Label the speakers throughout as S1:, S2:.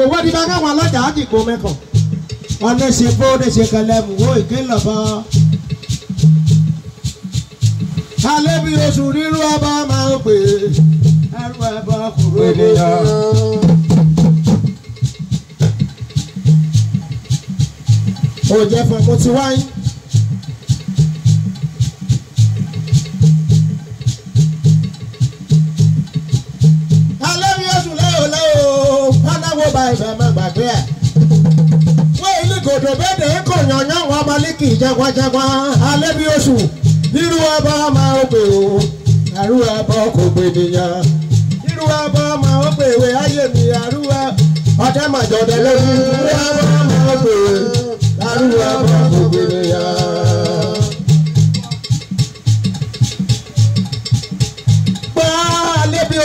S1: wo wadi ba káwọn alájà á dìgbò mẹ́kàn ọ̀nà ìṣèpọ̀ ọ̀nà ìṣèkẹlẹ̀ mú wo ìkìlọ̀ bọ́. alẹ́ bí oṣù rírú ọba máa ń pè ẹrú ẹbọ kúrò ènìyàn. ó jẹ́ fún ọkọ̀ tí wáyé. bá ẹsẹ̀ má gbàgbé ẹ̀. wọ́n ilé gòdò bẹ́ẹ̀ kò yànyàn àwọn ọmọlẹ́kì jagunjagun alẹ́ bí oṣù nírú ọba máa ń pè ó àrú ọba kò pè nìyàn nírú ọba máa ń pè wé ayé mi àrú ọdẹ màjọdẹ lórí nírú ọba máa ń pè wé àrú ọba kò pè nìyàn.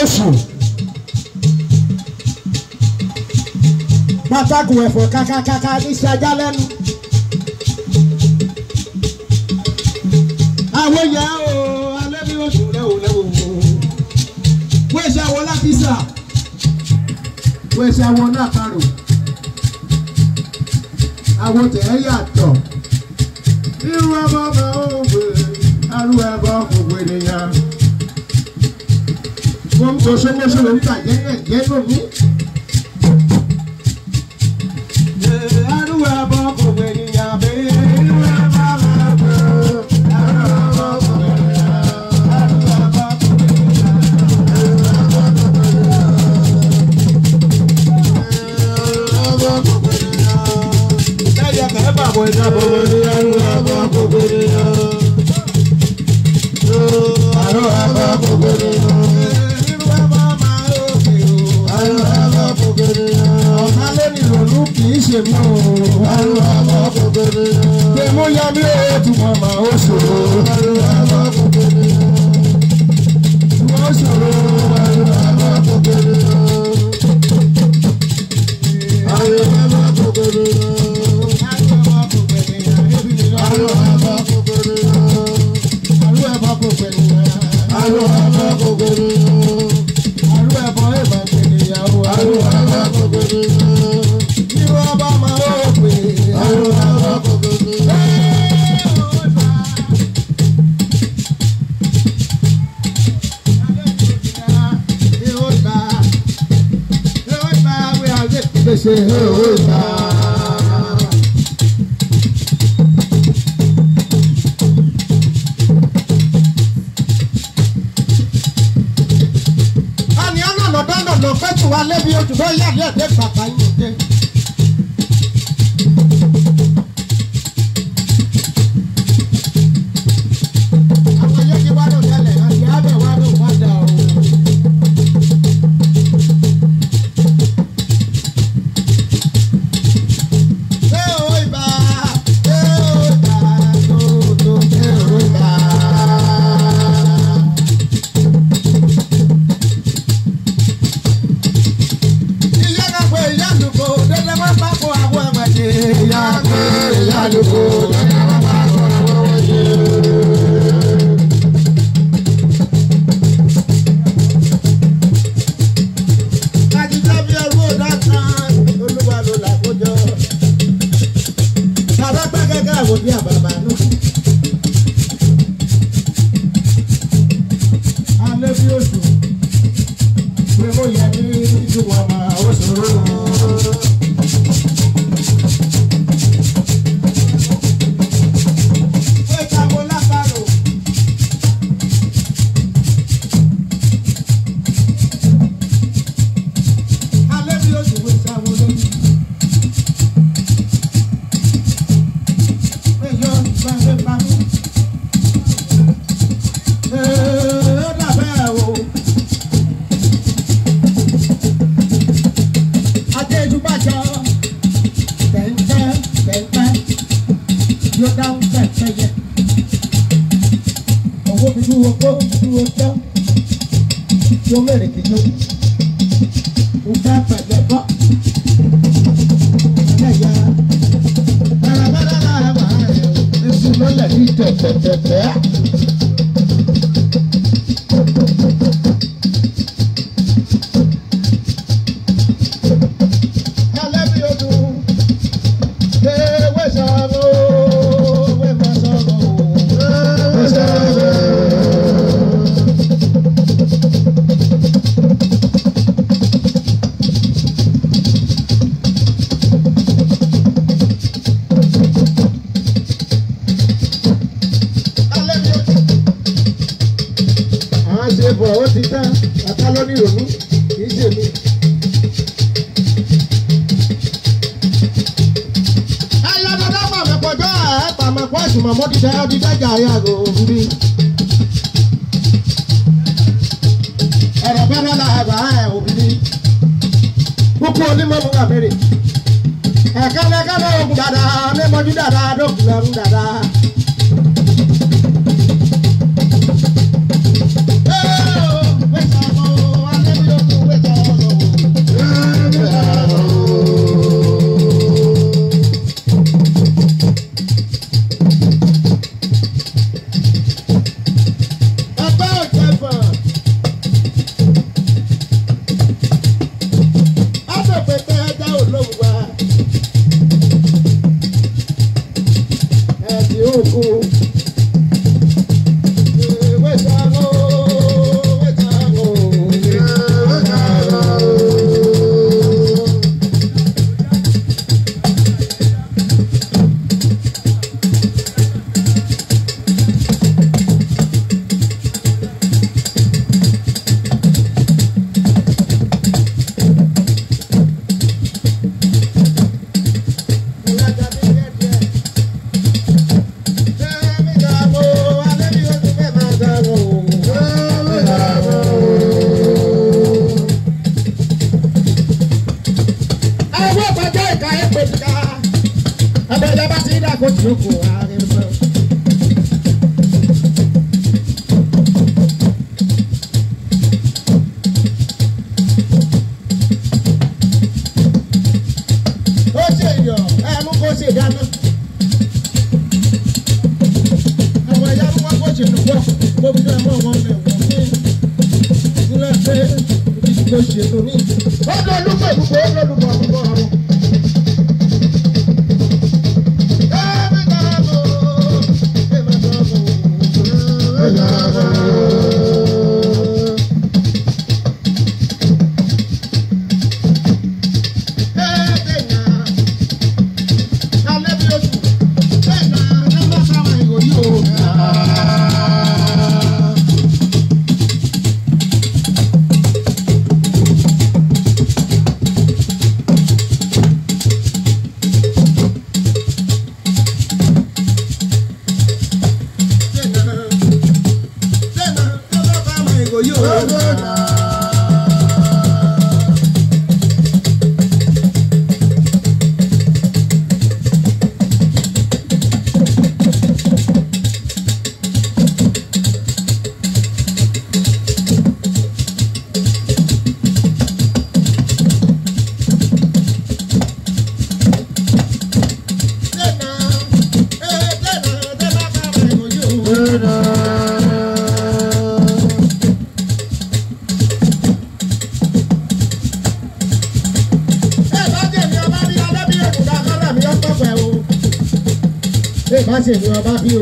S1: oṣù pátágùn ẹ̀fọ́ kákákáká iṣẹ́ ajá lẹ́nu. àwọn èèyàn o alẹ́ bí wọ́n sùn lẹ́wọ̀ lẹ́wọ̀ wọ́n ẹ̀ṣẹ̀ láti sà wọ́n ẹ̀ṣẹ̀ wọ́n náà parò àwọn tẹ̀ ẹ́ yàtọ̀ irú ọmọ ọmọ òwe arú ẹbọ òwe nìyà. wọ́n ń tó sọ́kọ́sọ́ ló ń tà jẹ́gẹ́jẹ́ lómi. àlọ́ àmọ́ fún bèrè. Tèmú yá mi ò tún mọ̀ máa ó ṣòro. Àlọ́ àmọ́ fún bèrè. Wọ́n ṣòro àlọ́ àmọ́ fún bèrè. Àlọ́ àmọ́ ṣẹṣẹ owó ìta. àní ọ̀nà lọ́dọ́nà ló fẹ́ tù wá lébi ojú bẹ́ẹ̀ yàrá ẹ̀ dé mẹ́rin kì í lóbi mo fẹ́ pẹ̀lẹ́ bọ́ ẹ̀ yá bàràbàrà làwọn ẹ̀ ẹ̀ sùn lọ́lẹ̀ ní tẹ̀tẹ̀tẹ̀tẹ̀. Ṣàká ló ní ìrònú kì í ṣèlú. ẹlẹ́dọ̀dọ̀ pàmẹ́pọ̀jọ́ bẹ́rẹ̀ la ẹ̀bà ẹ̀ òbí. kúkú onímọ̀ mú kàmẹ́rẹ̀. ẹ̀kẹ́lẹ́kẹ́lẹ́ ogun dada mẹ́mọ́jú dada dókùnrin dada. 我哥 ṣèjọba bí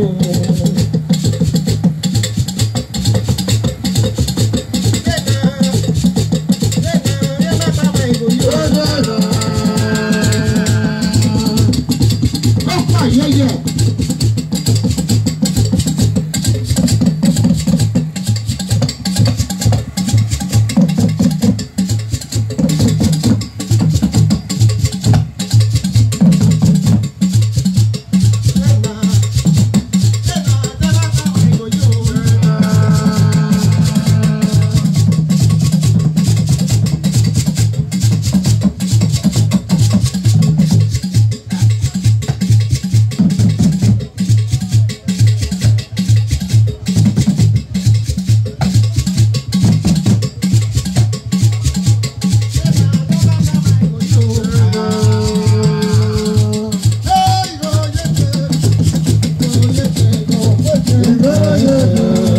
S1: Yeah, yeah, yeah.